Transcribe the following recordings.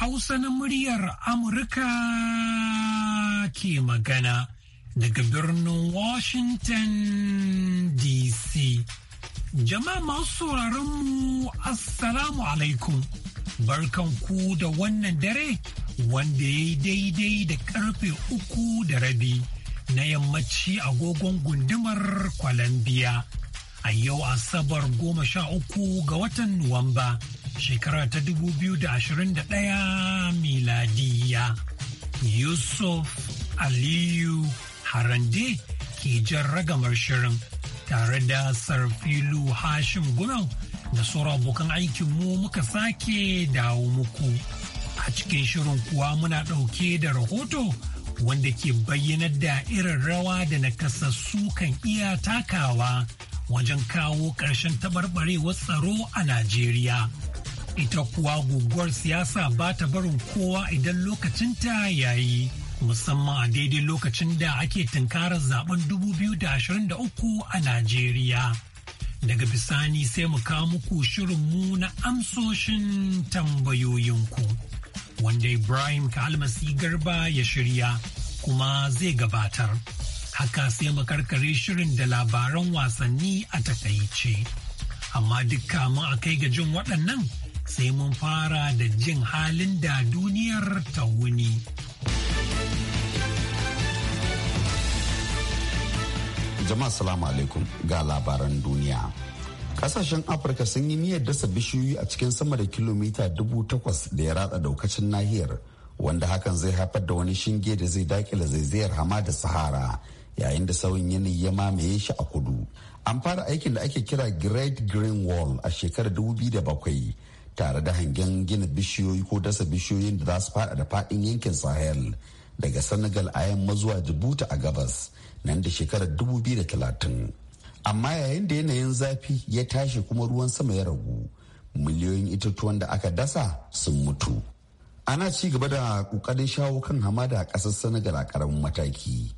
Hausa na muryar Amurka ke magana daga birnin Washington DC. Jama'a masu mu Assalamu alaikum. Barkan ku da wannan dare wanda ya yi daidai da karfe uku da rabi na yammaci agogon gundumar Colombia. A yau Asabar goma sha uku ga watan Nuwamba. shekara ta dubu biyu da da ashirin 2021 miladiya. Yusuf Aliyu Harande ke jan ragamar shirin tare da Sarfilu Hashim Gunan da sauran abokan mu muka sake dawo muku. A cikin shirin kuwa muna ɗauke da rahoto wanda ke bayyana da irin rawa da nakasassu kan iya takawa wajen kawo ƙarshen taɓarɓarewar tsaro a Najeriya. ita kuwa guguwar siyasa ba ta barin kowa idan lokacinta yayi musamman a daidai lokacin da ake tunkarar zaben 2023 a Najeriya. Daga bisani sai mu kawo muku mu na amsoshin tambayoyinku wanda Ibrahim Kalmasi Garba ya shirya kuma zai gabatar. Haka sai mu karkare shirin da labaran wasanni a takaice. Amma duk kama a kai ga jin waɗannan sai mun fara da jin halin da duniyar ta wuni. Jama'a salamu alaikum ga labaran duniya. Kasashen Afirka sun yi niyyar dasa bishiyoyi a cikin sama da kilomita dubu takwas da ya ratsa daukacin nahiyar wanda hakan zai haifar da wani shinge da zai dakila zaizayar hamada Sahara yayin da sauyin yanayi ya mamaye shi a kudu. An fara aikin da ake kira Great Green Wall a shekarar 2007 tare da hangen gina bishiyoyi ko dasa bishiyoyin da za su fada da fadin yankin sahel daga senegal a yamma zuwa jibuta a gabas nan da shekarar 2030 amma yayin da yanayin zafi ya tashi kuma ruwan sama ya ragu miliyoyin itatuwan da aka dasa sun mutu ana ci gaba da kokarin shawo kan hamada a ƙasar senegal a ƙaramin mataki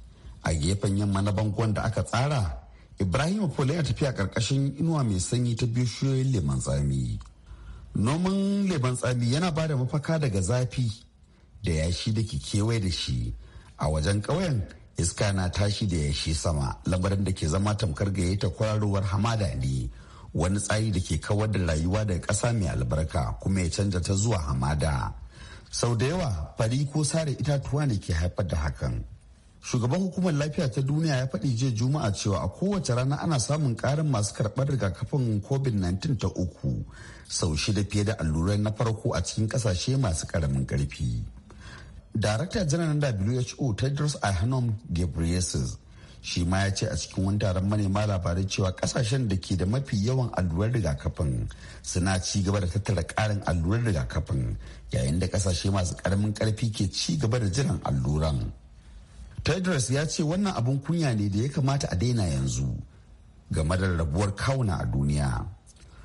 a gefen yamma na bangon da aka tsara ibrahim pole ya tafiya ƙarƙashin inuwa mai sanyi ta bishiyoyin leman tsami noman leban tsami yana ba da mafaka daga zafi da yashi da ke kewaye da shi a wajen ƙauyen iska na tashi da yashi sama lamarin da ke zama tamkar ta kwararowar hamada ne wani tsari da ke kawar da rayuwa daga ƙasa mai albarka kuma ya canza ta zuwa hamada sau da yawa fari ko sare itatuwa ne ke haifar da hakan shugaban hukumar lafiya ta duniya ya faɗi jiya juma'a cewa a kowace rana ana samun ƙarin masu karɓar rigakafin covid-19 ta uku sau shida fiye da allurai na farko a cikin ƙasashe masu ƙaramin ƙarfi darakta janar who tedros adhanom ghebreyesus shi ma ya ce a cikin wani taron manema labarai cewa ƙasashen da ke da mafi yawan allurar rigakafin suna ci gaba da tattara ƙarin allurar rigakafin yayin da ƙasashe masu ƙaramin ƙarfi ke ci gaba da jiran alluran tedros ya ce wannan abin kunya ne da ya kamata a daina yanzu game da rabuwar kawuna a duniya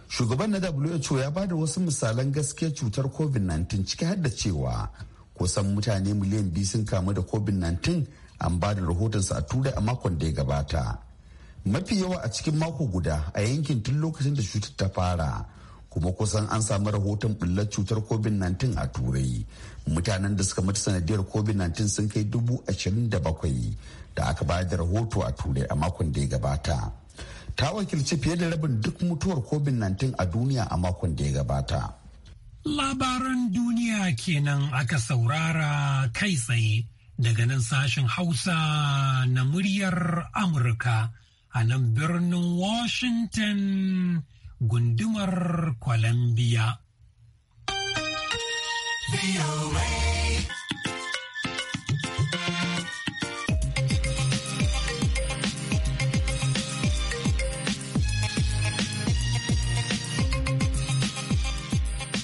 shugaban na who ya ba da wasu misalan gaskiyar cutar covid-19 ciki har da cewa kusan mutane miliyan biyu sun kamu da covid-19 an ba da rahotonsa a turai a makon da ya gabata mafi yawa a cikin mako guda a yankin tun lokacin da cutar ta fara kuma kusan an samu rahoton bullar cutar covid-19 a turai mutanen da suka mutu sanadiyar covid-19 sun kai dubu ashirin da bakwai da aka bayar da rahoto a turai a makon da ya gabata ta wakilci fiye da rabin duk mutuwar covid-19 a duniya a makon da ya gabata labaran duniya kenan aka saurara kai tsaye daga nan sashen hausa na muryar amurka a nan birnin washington gundumar Columbia.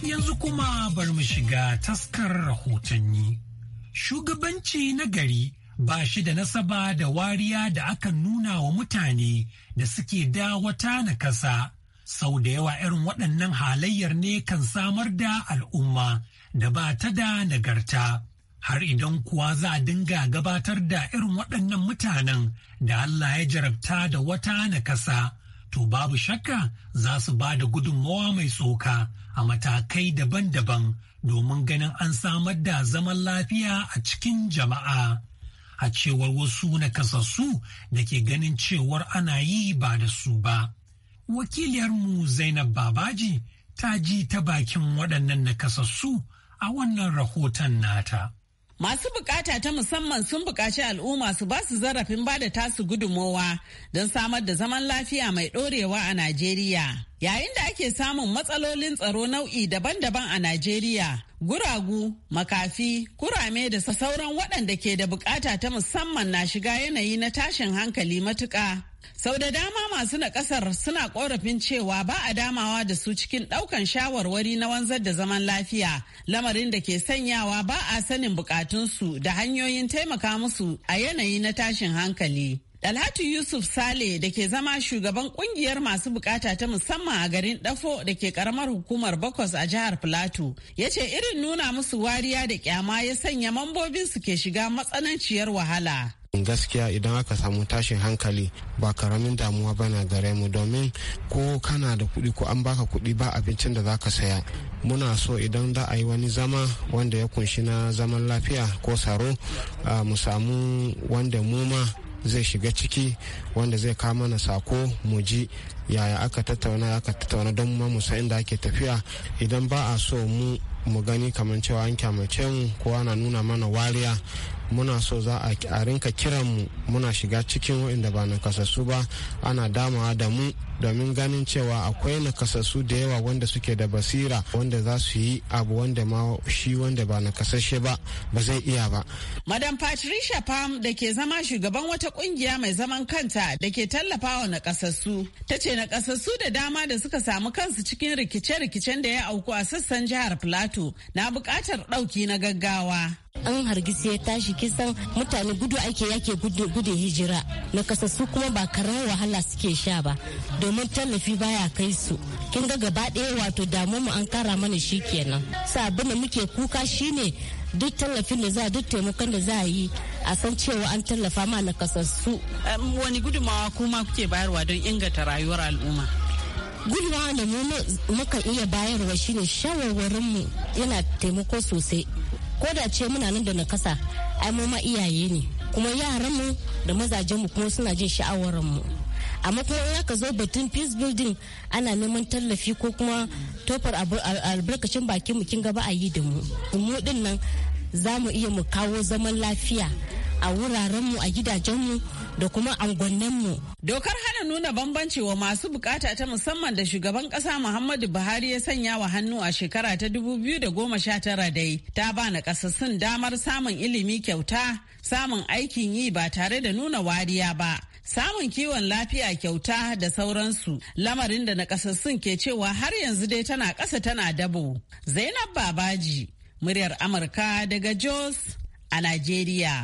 Yanzu kuma bar mu shiga taskar rahotanni. Shugabanci nagari gari ba shi da nasaba da wariya da aka nuna wa mutane da suke dawata na kasa. Sau da yawa irin waɗannan halayyar ne kan samar da al'umma da ba ta da nagarta. Har idan kuwa za a dinga gabatar da irin waɗannan mutanen da Allah ya jarabta da wata nakasa, to babu shakka za su ba da gudunmawa mai tsoka a matakai daban-daban domin ganin an samar da zaman lafiya a cikin jama'a. a cewar wasu nakasassu da ke ganin cewar ana yi ba da su ba. wakiliyarmu Zainab Babaji ta ji ta bakin waɗannan nakasassu a wannan rahoton nata. Masu bukata ta musamman sun bukaci al'umma su ba su zarafin ba da tasu gudummawa don samar da zaman lafiya mai ɗorewa a Najeriya. Yayin da ake samun matsalolin tsaro nau'i daban-daban a Najeriya, guragu, makafi, kurame da sauran waɗanda ke da bukata ta musamman na shiga yanayi na tashin hankali matuƙa. Sau da dama masu na kasar suna korafin cewa ba a damawa da su cikin daukan shawarwari na wanzar da zaman lafiya, lamarin da ke sanyawa ba a sanin bukatunsu da hanyoyin taimaka musu a yanayi na tashin hankali. Dalhatu Yusuf Sale da ke zama shugaban kungiyar masu bukata ta musamman a garin Dafo da ke karamar hukumar Bakwas a jihar Filato ya ce irin nuna musu wariya da kyama ya sanya mambobinsu ke shiga matsananciyar wahala. gaskiya idan aka samu tashin hankali ba karamin damuwa ba na gare mu domin ko kana da kuɗi ko an baka kuɗi ba abincin da za ka saya muna so idan za a yi wani zama wanda ya kunshi na zaman lafiya ko tsaro mu samu wanda mu ma zai shiga ciki wanda zai kama na sako mu ji yaya aka tattauna aka tattauna don ma mu san inda ake tafiya idan ba a so mu mu gani kamar cewa an kyamace mu ko ana nuna mana wariya muna so za a rinka kiran mu muna shiga cikin waɗanda ba nakasassu ba ana damawa da mu domin ganin cewa akwai nakasassu da yawa wanda suke da basira wanda za su yi abu wanda ma shi wanda ba kasashe ba ba zai iya ba. Madam Patricia Pam da ke zama shugaban wata kungiya mai zaman kanta da ke tallafawa nakasassu ta ce nakasassu da dama da suka samu kansu cikin rikice-rikicen da ya auku a sassan jihar Plateau na bukatar ɗauki na gaggawa. an hargitsi ya tashi kisan mutane gudu ake yake gudu hijira na kasa kuma ba karan wahala suke sha ba domin tallafi baya kai su kin ga gaba ɗaya wato damu mu an kara mana shi kenan sabon da muke kuka shine duk tallafin da za duk taimakon da za a yi a san cewa an tallafa ma na kasassu wani gudumawa kuma kuke bayarwa don inganta rayuwar al'umma gudunmawa da mu muka iya bayarwa shine shawarwarinmu yana taimako sosai ko da ce muna nan da nakasa ai mu ma iyaye ne kuma yaran mu da mazajen mu kuma suna jin sha'awaran mu amma kuma in aka zo batun peace building ana neman tallafi ko kuma tofar albarkacin bakin mu kin gaba a yi da mu mu din nan za mu iya mu kawo zaman lafiya a wuraren mu a gidajen mu da kuma mu. Dokar hana nuna bambanci wa masu bukata ta musamman da shugaban kasa Muhammadu Buhari ya sanya wa hannu a shekara ta 2019 dai ta ba na kasassun damar samun ilimi kyauta, samun aikin yi ba tare da nuna wariya ba. Samun kiwon lafiya kyauta da sauransu lamarin da nakasassun ke cewa har yanzu dai tana ƙasa tana dabo. Zainab Babaji, muryar Amurka daga Jos a Najeriya.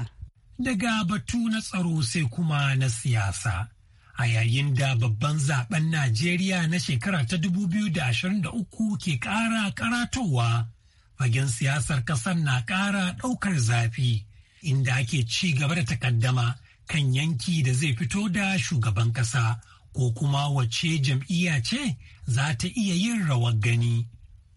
daga batu na tsaro sai kuma na siyasa. A yayin da babban zaben Najeriya na shekara ta 2023 ke ƙara ƙaratowa, fagen siyasar ƙasar na ƙara ɗaukar zafi, inda ake ci gaba da takaddama kan yanki da zai fito da shugaban ƙasa ko kuma wace jam'iyya ce za ta iya yin rawar gani.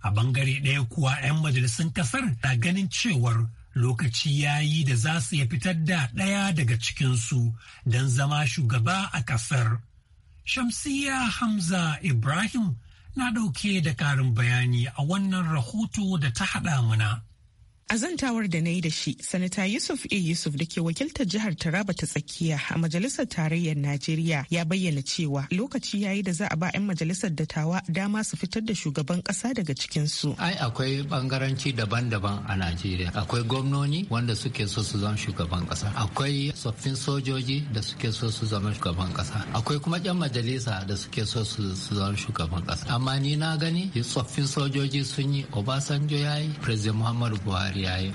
A bangare ɗaya kuwa 'yan majalisun ƙasar na ganin cewar lokaci ya yi da za su ya fitar da ɗaya daga cikinsu don zama shugaba a ƙasar. Shamsiya Hamza Ibrahim na ɗauke da ƙarin bayani a wannan rahoto da ta haɗa mana. A zantawar da na yi da shi, Sanata Yusuf A. Yusuf da ke wakiltar jihar Taraba ta tsakiya a Majalisar Tarayyar Najeriya ya bayyana cewa lokaci ya yi da za a ba 'yan majalisar dattawa dama su fitar da shugaban kasa daga cikinsu. Ai akwai bangaranci daban-daban a Najeriya. Akwai gwamnoni wanda suke so su zama shugaban kasa. Akwai tsoffin sojoji da suke so su zama shugaban kasa. Akwai kuma 'yan majalisa da suke so su zama shugaban kasa. Amma ni na gani tsoffin sojoji sun yi Obasanjo ya yi, President Muhammadu Buhari buhari yi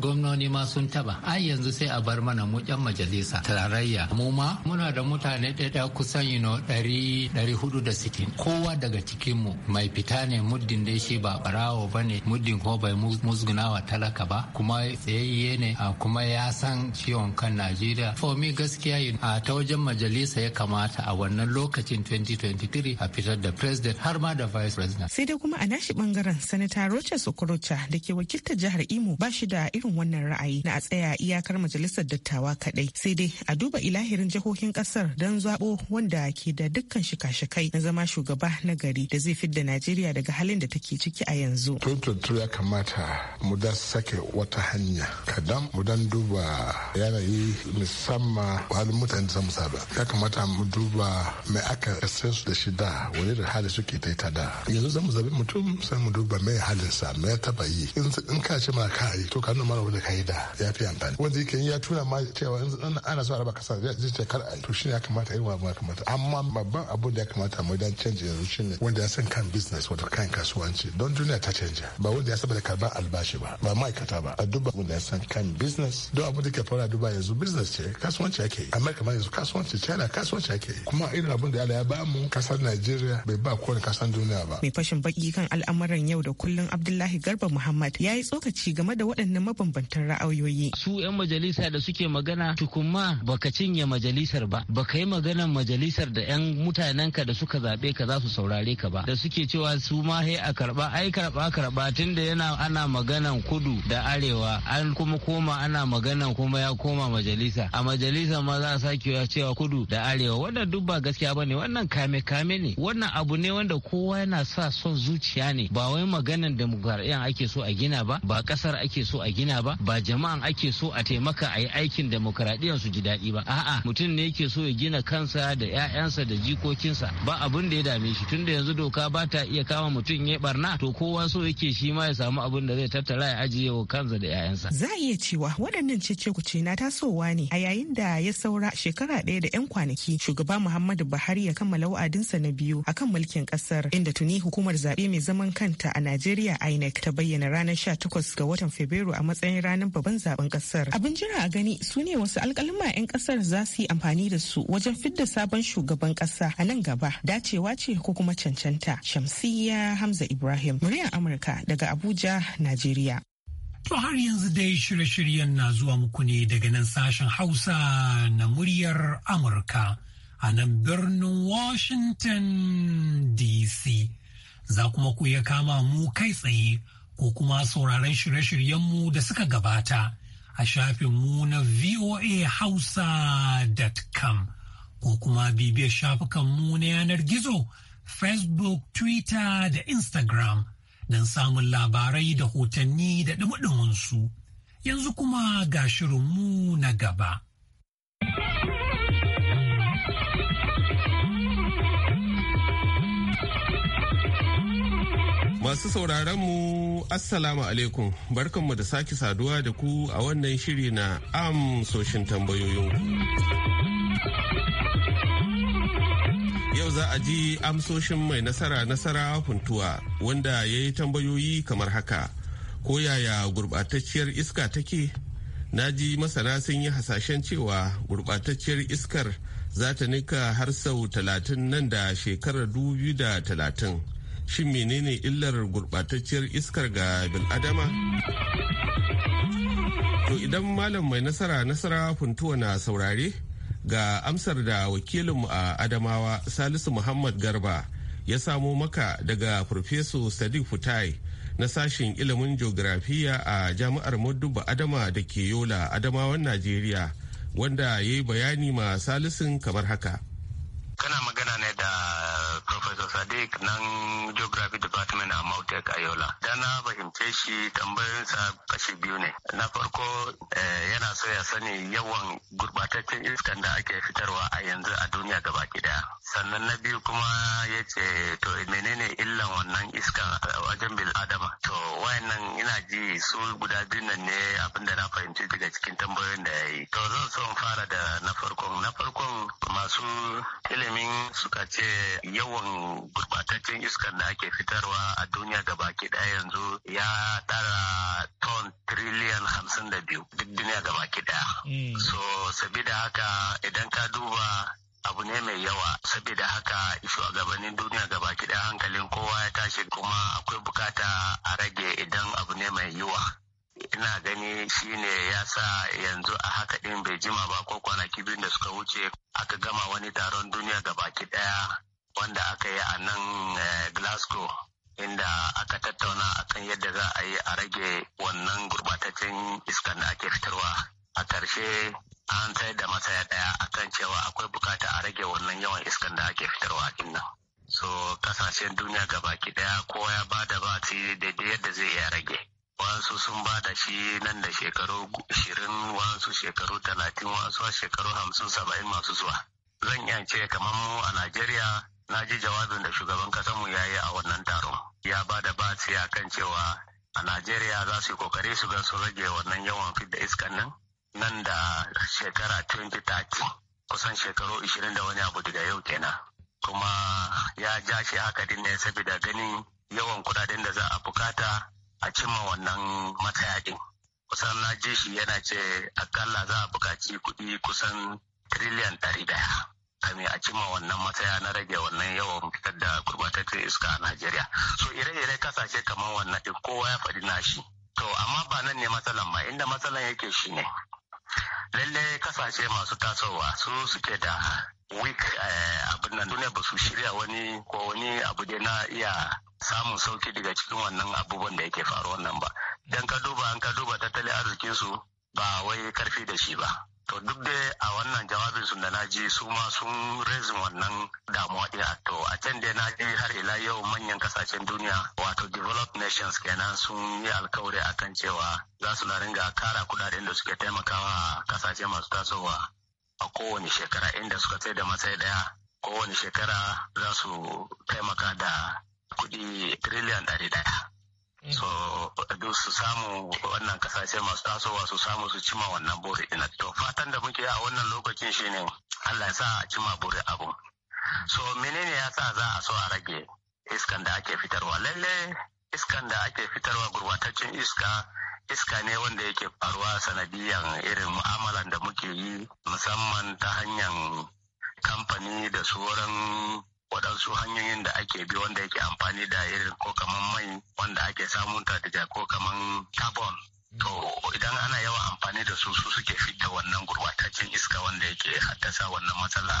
gwamnoni ma sun taba ai yanzu sai a bar mana mu yan majalisa tarayya mu ma muna da mutane ɗaya kusan yino ɗari ɗari hudu da sittin kowa daga cikin mu mai fita ne muddin dai shi ba barawo ba ne muddin ko bai musgunawa talaka ba kuma tsayayye ne kuma ya san ciwon kan najeriya fomi gaskiya gaskiya a ta wajen majalisa ya kamata a wannan lokacin 2023 a fitar da president har ma da vice president sai dai kuma a nashi bangaren sanata rocha sokorocha da ke wakiltar jihar Imo ba shi da irin wannan ra'ayi na a tsaya iyakar majalisar dattawa kadai sai dai a duba ilahirin jihohin kasar don zaɓo wanda ke da dukkan shika-shikai na zama shugaba na gari da zai fidda Najeriya daga halin da take ciki a yanzu. Tuntun ya kamata mu da sake wata hanya kadan mu dan duba yanayi musamman halin mutane da ba ya kamata mu duba mai aka su da shi da wani da hali suke ta da yanzu zamu zabi mutum sai mu duba mai halinsa mai taba yi in ka ce ma ana ka yi to ka nuna mara wanda ka yi da ya fi amfani wanda yake ya tuna ma cewa ana so a raba kasa zai ce kar a yi to shi ne ya kamata yi wa ya kamata amma babban abu da ya kamata mu dan canje yanzu shi ne wanda ya san kan business wato kan kasuwanci don duniya ta canja ba wanda ya saba da karban albashi ba ba ma'aikata ba a duba wanda ya san kan business don abu da ke fara duba yanzu business ce kasuwanci ake yi amma kamar yanzu kasuwanci china kasuwanci ake yi kuma irin abin da ya ba mu kasar najeriya bai ba kowane kasar duniya ba mai fashin baki kan al'amuran yau da kullun abdullahi garba muhammad ya yi tsokaci game da waɗannan mabambantan ra'ayoyi. Su 'yan majalisa da suke magana tukuma baka cinye majalisar ba, baka yi maganar majalisar da 'yan mutanenka da suka zaɓe ka za su saurare ka ba. Da suke cewa su ma he a karɓa, ai karɓa karɓa tun da yana ana maganan kudu da arewa, an kuma koma ana maganan kuma ya koma majalisa. A majalisa ma za a sake cewa kudu da arewa. Wannan duk ba gaskiya ba ne, wannan kame kame ne, wannan abu ne wanda kowa yana sa son zuciya ne, ba wai maganan demokaradiyyar ake so a gina ba, ba ƙasa kasar ake so a gina ba ba jama'an ake so a taimaka a yi aikin demokradiyyar su ji daɗi ba a'a mutum ne yake so ya gina kansa da 'ya'yansa da jikokinsa ba abin da ya dame shi tunda yanzu doka ba ta iya kama mutum ya barna to kowa so yake shi ma ya samu abin da zai tattara ya ajiye wa kansa da 'ya'yansa za a iya cewa waɗannan cece ce na tasowa ne a yayin da ya saura shekara ɗaya da 'yan kwanaki shugaba muhammadu buhari ya kammala wa'adinsa na biyu akan mulkin ƙasar inda tuni hukumar zaɓe mai zaman kanta a najeriya inec ta bayyana ranar sha takwas ga watan Fabrairu a matsayin ranar babban zaben kasar. Abin jira a gani su ne wasu alkalima 'yan kasar za su yi amfani da su wajen fidda sabon shugaban kasa a nan gaba. Dacewa ce ko kuma cancanta. Shamsiyya Hamza Ibrahim, muryar Amurka daga Abuja, Najeriya. To har yanzu dai shirye-shiryen na zuwa muku ne daga nan sashen Hausa na muryar Amurka a nan birnin Washington DC. Za kuma ku ya kama mu kai tsaye ko kuma sauraron shirye-shiryenmu da suka gabata a shafinmu na voahausa.com ko kuma bibiyar shafukanmu na yanar gizo facebook twitter da instagram don samun labarai da hotanni da dumudumunsu yanzu kuma ga shirinmu na gaba. Masu sauraron mu Assalamu alaikum barkanmu da sake saduwa da ku a wannan shiri na amsoshin tambayoyin. Yau za a ji amsoshin mai nasara nasara huntuwa wanda ya yi tambayoyi kamar haka. Ko yaya gurbatacciyar iska take? Na ji masana sun yi hasashen cewa gurbatacciyar iskar za ta nika har sau talatin nan da shekarar dubu da talatin. shin menene illar gurɓatacciyar iskar ga bil adama. To idan malam mai nasara nasara funtuwa na saurare ga amsar da wakilinmu a Adamawa Salisu Muhammad Garba ya samo maka daga Profeso Sadiq Futai na sashen ilimin geografiya a Jami'ar Mudubba Adama da ke Yola Adamawan Najeriya wanda ya yi bayani ma Salisun kamar haka. Kana Professor Sadiq nan Geography Department a Mautek Ayola. Da na fahimce shi tambayoyinsa kashi biyu ne. Na farko eh, yana so ya sani yawan gurbataccen iskan da ake fitarwa a yanzu a duniya gaba daya. Sannan na biyu kuma ya ce to menene illan wannan iskan a wajen bil adama. To wayannan ina ji su guda biyu nan ne abinda na fahimci daga cikin tambayoyin da ya yi. To zan so in fara da na farkon. Na farkon masu ilimin suka ce yawan gurbataccen iskar da ake fitarwa a duniya baki daya yanzu ya tara ton triliyan hamsin da biyu duk duniya baki daya hmm. so sabida haka idan ka duba abu ne mai yawa saboda haka gabanin duniya gaba kiɗa hankalin kowa ya tashi kuma akwai bukata a rage idan abu ne mai yiwa ina gani shine ya sa yanzu a haka ɗin bai jima ba ko kwanaki biyu da suka wuce aka gama wani taron duniya gaba ɗaya wanda aka yi a nan eh, Glasgow inda aka tattauna akan yadda za a yi a rage wannan gurbataccen iskan da ake fitarwa a ƙarshe an tsayar da matsaya ɗaya akan cewa akwai bukata a rage wannan yawan iskan da ake fitarwa a nan. so kasashen duniya gabaki ɗaya kowa ya ba da bati daidai yadda zai iya rage wasu sun ba da shi nan da shekaru ashirin wasu shekaru talatin wasu shekaru hamsin saba'in masu zuwa zan iya ce kamar mu a najeriya na ji jawabin da shugaban kasanmu ya yi a wannan taron ya ba da batsi a kan cewa a najeriya za su yi kokari su gan su rage wannan yawan fidda iskan nan nan da shekara 2030 kusan shekaru 20 da wani abu daga yau kenan kuma ya ja shi haka din ne saboda ganin yawan kudaden da za a bukata a cimma wannan matayakin kusan na ji shi yana ce akalla za a bukaci kuɗi kusan triliyan ɗari kame a cima wannan mataya na rage wannan yawan fitar da gurbatattun iska a Najeriya. So ire-ire kasashe kamar wannan din kowa ya faɗi nashi. To amma ba nan ne matsalan ba inda matsalan yake shi ne. Lalle kasashe masu tasowa su suke da week eh, abin nan duniya ba su shirya wani ko wani abu da na iya samun sauki daga cikin wannan abubuwan da yake faruwa nan ba. Dan ka duba an ka duba tattalin arzikinsu ba wai karfi da shi ba. to duk da a wannan jawabin sun da na ji su ma sun rezin wannan damuwa ɗin, to a can da na ji har ila yau manyan kasashen duniya wato developed nations kenan sun yi alkawari kan cewa za su na ringa kara kudaden da suke taimakawa kasashe masu tasowa a kowane shekara inda suka tsaye da matsayi daya kowane shekara za su taimaka da kuɗi triliyan ɗari ɗaya so duk su samu wannan kasashe masu tasowa su samu su cima wannan buri din to fatan da muke a wannan lokacin shine Allah ya sa a cima buri abu so menene ya sa za a so a rage iskan da ake fitarwa lalle iskan da ake fitarwa gurbataccen iska iska ne wanda yake faruwa sanadiyan irin mu'amalan da muke yi musamman ta hanyar kamfani da sauran waɗansu hanyoyin da ake bi wanda yake amfani da irin ko kaman mai wanda ake samun ta daga ko kaman carbon to idan ana yawan amfani da su su suke fita wannan gurbataccen iska wanda yake haddasa wannan matsala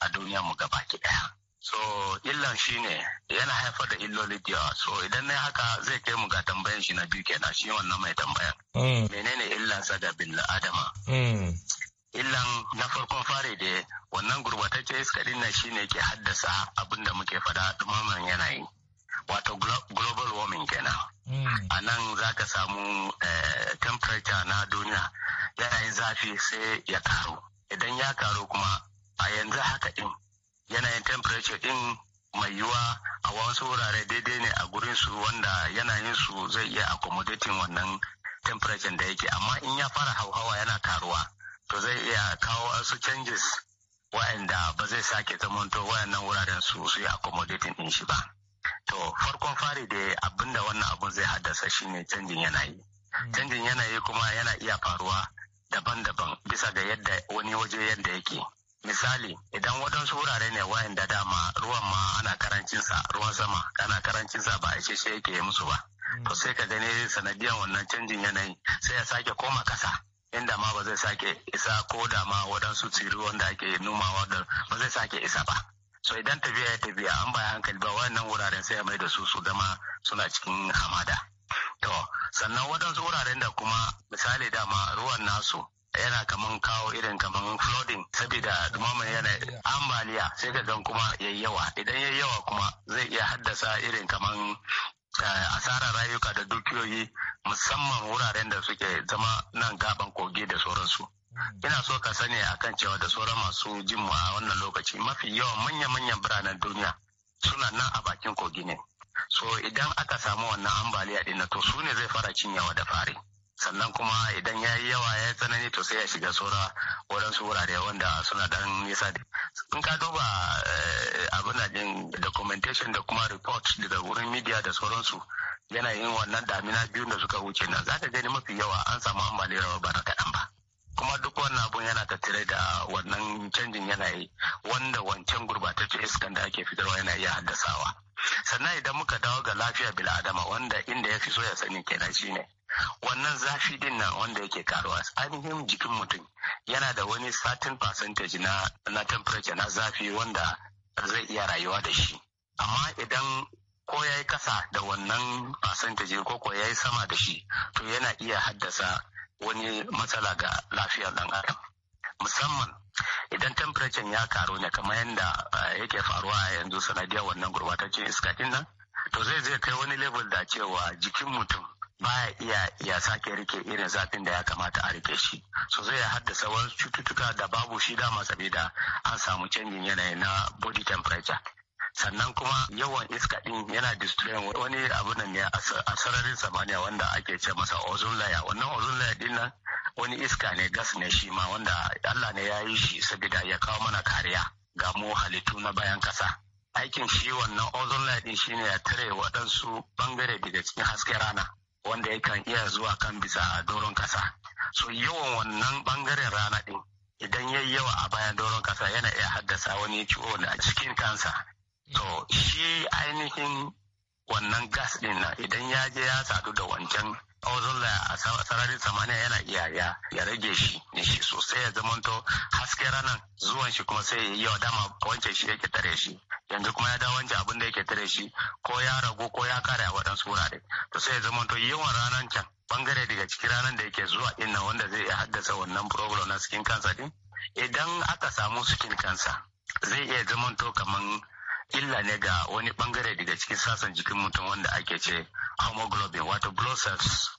a duniya mu gaba ki daya so illan shi ne yana haifar da illoli da yawa so idan na haka zai kai mu ga tambayan shi na biyu kenan shi wannan mai tambayan mm. menene illansa ga bin adama mm. illan na farkon fare da wannan gurbatacce iska din shi shine ke haddasa abin da muke fada dumaman yanayi wato global warming kenan hmm. a nan za ka samu eh, temperature na duniya yanayin zafi sai ya karu idan ya karu kuma a yanzu haka din yanayin temperature din mai yiwa a wasu wurare daidai ne a gurin su wanda yanayin su zai iya accommodating wannan temperature da yake amma in ya fara hauhawa yana karuwa to zai iya kawo wasu changes wa'anda ba zai sake zamanto wayannan wuraren su su yi accommodating din shi ba to farkon fari da abinda wannan abun zai haddasa shine canjin yanayi hmm. canjin yanayi kuma yana iya faruwa daban-daban bisa ga yadda wani waje yadda yake misali idan waɗansu wurare ne wayanda dama ruwan ma ana karancinsa ruwan sama ana karancinsa ba a shi yake musu ba hmm. to sai ka gani sanadiyan wannan canjin yanayi sai ya sake koma kasa inda ma ba zai sake isa ko da ma waɗansu tsiri wanda ake numawa da ba zai sake isa ba so idan tafiya ya tafiya an baya hankali ba wannan wuraren sai a mai da su su zama suna cikin hamada to sannan waɗansu wuraren da kuma misali dama ruwan nasu yana kaman kawo irin kaman flooding saboda dumamin yana ambaliya sai ka gan kuma yayi yawa idan yayi yawa kuma zai iya haddasa irin kaman asarar rayuka da dukiyoyi musamman wuraren da suke zama nan gaban kogi da sauransu. Hmm. Ina so ka sani akan cewa da sauran masu jinmu a wannan lokaci mafi yawan manya-manyan biranen duniya suna nan a bakin kogi ne. So idan aka samu wannan ambaliya ɗin to su ne zai fara cinyawa da fari. sannan kuma idan ya yi yawa ya yi tsanani to sai ya shiga saura waɗansu wurare wanda suna dan nisa da in ka duba abin da jin documentation da kuma report daga wurin media da sauransu yana yin wannan damina biyu da suka wuce na za ka gani mafi yawa an samu ambaliyar ba na kaɗan ba kuma duk wannan abun yana tattare da wannan canjin yanayi wanda wancan gurbatacce iskan da ake fitarwa yana iya haddasawa sannan idan muka dawo ga lafiya bil'adama wanda inda ya fi so ya sani kenan shine wannan zafi din na wanda yake karuwa ainihin jikin mutum yana da wani satin percentage na na temperature na zafi wanda zai iya rayuwa da shi amma idan ko ya yi kasa da wannan percentage ko ko ya yi sama da shi to yana iya haddasa wani matsala ga lafiyar dan adam musamman idan temperature ya karu ne kamar yadda eh, yake faruwa a yanzu sanadiyar wannan gurbataccen iska din nan to zai zai kai wani level da cewa jikin mutum baya iya ya sake rike irin zafin da ya kamata a rike shi so zai haddasa wasu cututtuka da babu shi dama saboda an samu canjin yanayi na body temperature sannan kuma yawan iska din yana destroying wani abu ne a sararin samaniya wanda ake ce masa ozone layer wannan ozone layer din nan wani iska ne gas ne shi ma wanda Allah ne ya yi shi saboda ya kawo mana kariya ga mu halittu na bayan kasa aikin shi wannan ozone layer din shine ya tare waɗansu bangare daga cikin hasken rana wanda yakan iya zuwa kan bisa a doron kasa so yawan wannan bangaren rana ɗin, idan yayi yawa a bayan doron kasa yana iya haddasa wani ciwo a cikin kansa to shi ainihin wannan gas din na idan ya je ya sadu da wancan ozolla a sararin samaniya yana iya ya rage shi ne shi sosai ya zamanto haske ranar zuwan shi kuma sai ya yi wa dama wancan shi yake tare shi yanzu kuma ya dawo wancan abin da yake tare shi ko ya ragu ko ya kare a waɗansu wurare to sai ya zamanto yawan ranar can bangare daga cikin ranar da yake zuwa inna wanda zai iya haddasa wannan problem na skin cancer din idan aka samu skin cancer zai iya zamanto kaman illa ne ga wani bangare daga cikin sassan jikin mutum wanda ake ce homoglobin wato blood cells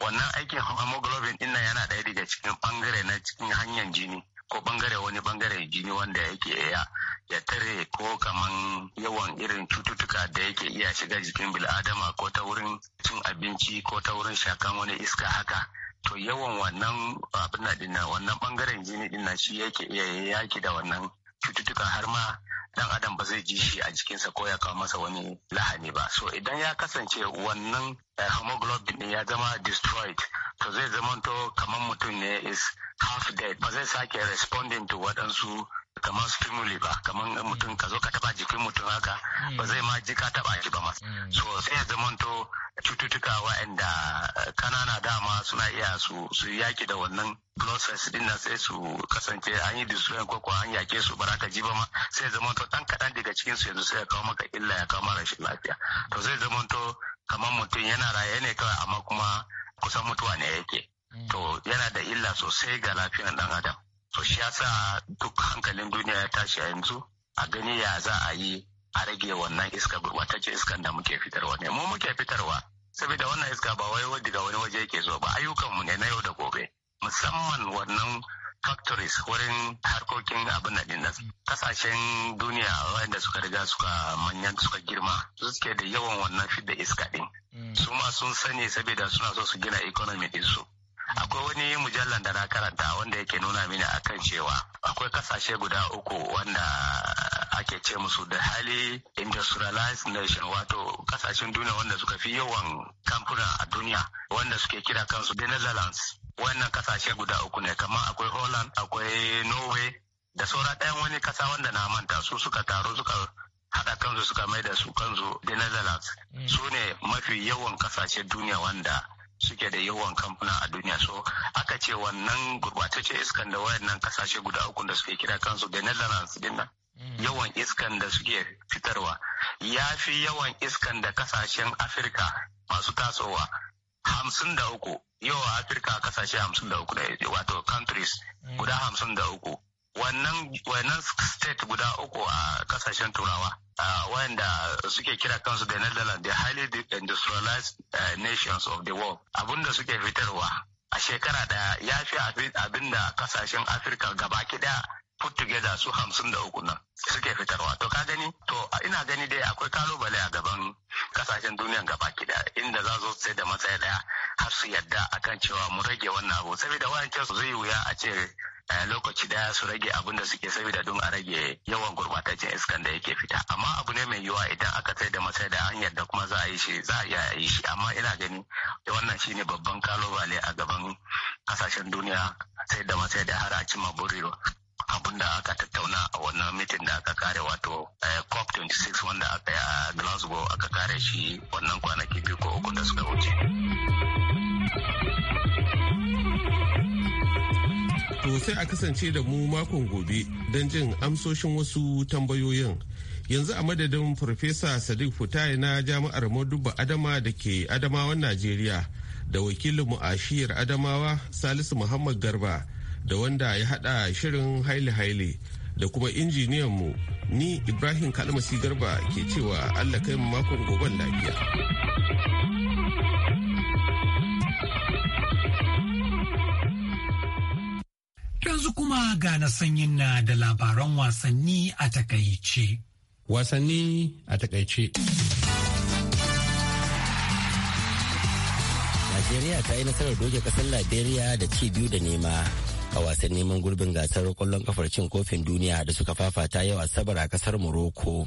wannan aikin homoglobin ina yana daya daga cikin bangare na cikin hanyar jini ko bangare wani bangare jini wanda yake iya ya tare ko kaman yawan irin cututtuka da yake iya shiga jikin bil'adama ko ta wurin cin abinci ko ta wurin shakan wani iska haka to yawan wannan abin na wannan bangaren jini din shi yake iya yaki da wannan cututtuka har ma dan adam ba zai ji shi a jikinsa ko ya kawo masa wani lahani ba so idan ya kasance wannan eh, hemoglobin din ya zama destroyed to zai zamanto kamar mutum ne is half dead ba zai sake responding to waɗansu kamar stimuli ba kamar mutum ka zo ka taba jikin mutum haka hmm. ba zai ma ji ka taba ki ba ma hmm. so sai ya zamanto cututtuka waɗanda kanana eh, dama suna iya su su yaki da wannan process din nan sai su kasance an yi disuwan ko an yake su ba ka ji ba ma sai zamanto dan kaɗan daga cikin su yanzu sai ya kawo maka illa ya kawo rashin lafiya to zai zamanto kamar mutum yana raye ne kawai amma kuma kusan mutuwa ne yake hmm. to yana da illa sosai ga lafiyar ɗan adam to shi yasa duk hankalin duniya ya tashi a yanzu a gani ya za a yi a rage wannan iska gurbatacce iskan da muke fitarwa ne mu muke fitarwa saboda wannan iska ba wai daga wani waje yake zuwa ba ayyukanmu ne na yau da gobe musamman wannan factories wurin harkokin abin da dinnan kasashen duniya wanda suka riga suka manyan suka girma su suke da yawan wannan fidda iska din mm. su ma sun sani saboda suna so su gina economy din su akwai wani mujallar da na karanta wanda yake nuna mini akan cewa akwai kasashe guda uku wanda ake ce musu da hali industrialized nation wato kasashen duniya wanda suka fi yawan kamfuna a duniya wanda suke kira kansu the netherlands wannan kasashe guda uku ne kamar akwai holland akwai norway da saura ɗayan wani kasa wanda na manta su suka taru suka haɗa kansu suka mai da su kansu the netherlands mm. su ne mafi yawan kasashe duniya wanda suke da yawan kamfuna a duniya so aka ce wannan gurbatacce iskan da wayannan kasashe guda uku da suke kira kansu da netherlands din nan mm. yawan iskan da suke fitarwa ya fi yawan iskan da kasashen afirka masu tasowa hamsin da uku yawa afirka kasashe hamsin da uku wato countries mm. guda hamsin da uku wannan state guda uku a kasashen turawa wanda suke kira kansu da netherlands the highly industrialized eh, nations of the world abinda suke fitarwa a shekara da ya fi abinda kasashen afirka gaba kida put together su hamsin da uku nan suke fitarwa to ka gani to ina gani dai akwai kalubale a gaban kasashen duniya gaba kida inda za su sai da matsayi daya har su yadda akan cewa mu rage wannan abu saboda wayancin su zai wuya a ce lokaci daya su rage abin da suke saboda don a rage yawan gurbataccen iskan da yake fita amma abu ne mai yiwuwa idan aka sai da matsayi da hanyar da kuma za a yi shi za a iya yi shi amma ina gani wannan shine babban kalubale a gaban kasashen duniya sai da matsayi da har a cima burin abin da aka tattauna a wannan mitin da aka kare wato eh, cop 26 wanda aka yi a glasgow aka kare shi wannan kwanaki biyu ko uku da suka wuce To sai a kasance da mu makon gobe don jin amsoshin wasu tambayoyin. Yanzu a madadin Farfesa Sadiq futai na Jami'ar Maduba Adama da ke Adamawan Najeriya da wakilinmu a shiyar Adamawa Salisu Muhammad Garba da wanda ya hada shirin haile-haile da kuma mu ni Ibrahim Kalmasi Garba ke cewa Allah kai makon goben lafiya. Yanzu kuma ga na sanyin na da labaran wasanni a takaice. Wasanni a takaice. Najeriya ta yi nasarar doge kasar Liberia da ci biyu da nema a wasan neman gurbin gasar kwallon kafar cin kofin duniya da suka fafata yau a sabar a kasar Morocco.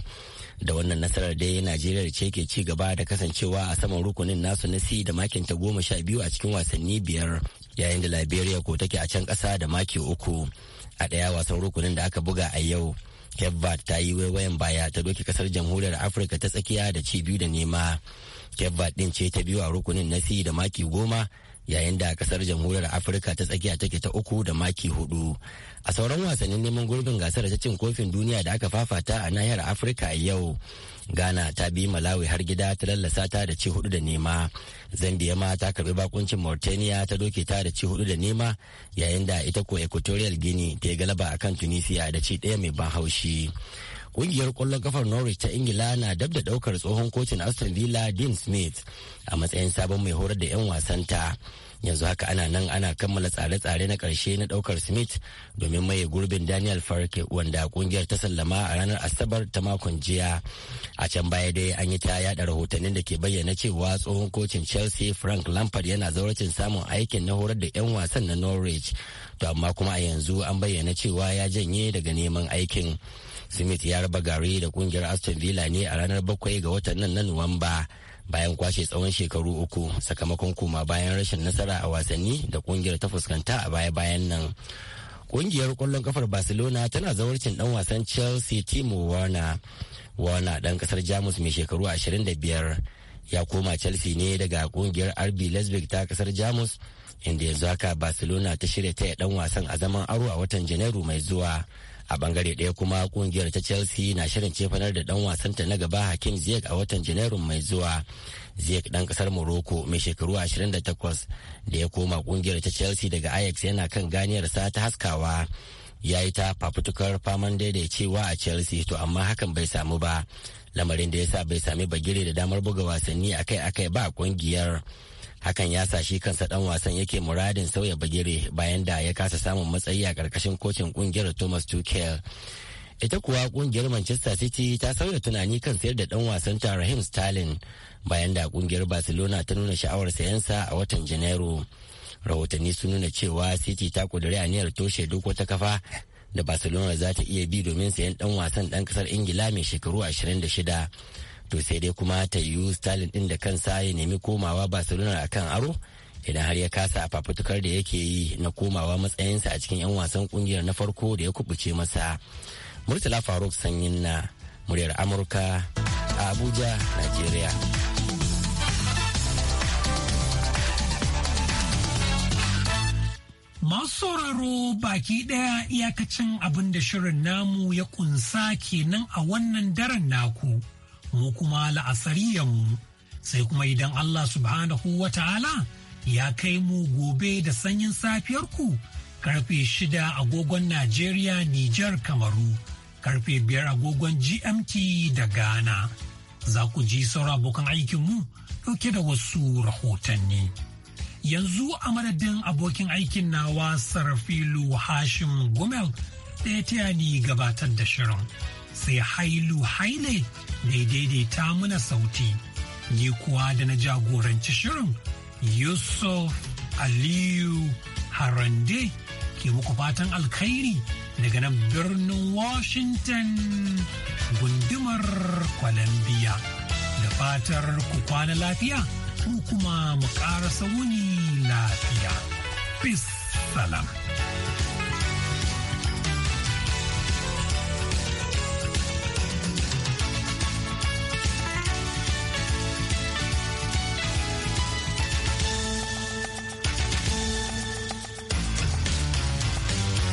Da wannan nasarar dai Najeriya ce ke ci gaba da kasancewa a saman rukunin nasu na si da makinta goma sha biyu a cikin wasanni biyar yayin da liberia ko take a can kasa da maki uku a ɗaya wasan rukunin da aka buga a yau kevbat ta yi waiwayan baya ta doki kasar jamhuriyar afirka ta tsakiya da ci biyu da nema kevbat din ce ta biyu a rukunin na da maki goma yayin da kasar jamhuriyar afirka ta tsakiya take ta uku da maki hudu a sauran wasannin neman gurbin gasar ta cin kofin duniya da aka fafata a nahiyar afirka a yau ghana ta bi malawi har gida ta lallasa ta da ci hudu da nema zambia ma ta karbi bakuncin mauritania ta doke ta da ci hudu da nema yayin da ita ko equatorial guinea ta yi galaba akan tunisia da ci daya mai ban haushi kungiyar kwallon kafar norwich ta ingila na dab da daukar tsohon kocin aston villa dean smith a matsayin sabon mai horar da 'yan wasanta yanzu haka ana nan ana kammala tsare-tsare na karshe na daukar smith domin maye gurbin daniel farke wanda kungiyar ta sallama a ranar asabar ta makon jiya a can baya dai an yi ta yada rahotannin da ke bayyana cewa tsohon kocin chelsea frank lampard yana zauracin samun aikin na horar da 'yan wasan na norwich to amma kuma a yanzu an bayyana cewa ya janye daga neman aikin. smith ya raba gari da kungiyar aston villa ne a ranar bakwai ga watan nan na nuwamba bayan kwashe tsawon shekaru uku sakamakon kuma bayan rashin nasara a wasanni da kungiyar ta fuskanta a baya-bayan nan kungiyar kwallon kafar barcelona tana zawarcin dan wasan chelsea timo warner dan kasar jamus mai shekaru 25 ya koma chelsea ne daga kungiyar rb lesbic ta kasar jamus inda yanzu haka barcelona ta shirya taya dan wasan a zaman aro a watan janairu mai zuwa a bangare ɗaya kuma kungiyar ta chelsea na shirin cefanar da dan wasanta na gaba hakim ziyek a watan janairun mai zuwa ziyek dan kasar morocco mai shekaru 28 da ya koma kungiyar ta chelsea daga ajax yana kan ganiyarsa ta haskawa ya yi ta fafutukar faman daidaicewa a chelsea to amma hakan bai samu ba lamarin da ya sa bai sami bagire da damar buga wasanni akai-akai ba kungiyar. kungiyar hakan ya sa shi kansa dan wasan yake muradin sauya bagire bayan da ya kasa samun matsayi a karkashin kocin kungiyar thomas tuchel ita kuwa kungiyar manchester city ta sauya tunani kan sayar da dan wasan ta rahim stalin bayan da kungiyar barcelona ta nuna sha'awar sayansa a watan janairu rahotanni sun nuna cewa city ta kudure aniyar toshe duk wata kafa da barcelona za ta iya bi domin sayan dan wasan dan kasar ingila mai shekaru 26 to sai dai kuma ta yiwu stalin din da kansa ya nemi komawa barcelona a kan aro idan har ya kasa a fafutukar da yake yi na komawa matsayinsa a cikin 'yan wasan kungiyar na farko da ya kubuce masa murtala faruk sanyin na muryar amurka a abuja nigeria Masu sauraro baki daya iyakacin abin da shirin namu ya kunsa kenan a wannan daren naku. mu kuma mu sai kuma idan Allah subhanahu wa ta'ala ya kai mu gobe da sanyin safiyarku karfe shida agogon Najeriya Nijar Kamaru karfe biyar agogon GMT da Ghana za ku ji sauran abokan aikinmu ɗauke da wasu rahotanni. Yanzu a madadin abokin aikin nawa Sarafilu Hashim Gumel ɗaya taya ni gabatar da shirin. sai hailu haile da daidaita mana sauti ni kuwa da na jagoranci shirin yusuf aliyu harande ke muku fatan alkhairi daga nan birnin washington gundumar columbia da fatar ku kwana lafiya ku kuma mu ƙara sauni lafiya bis salam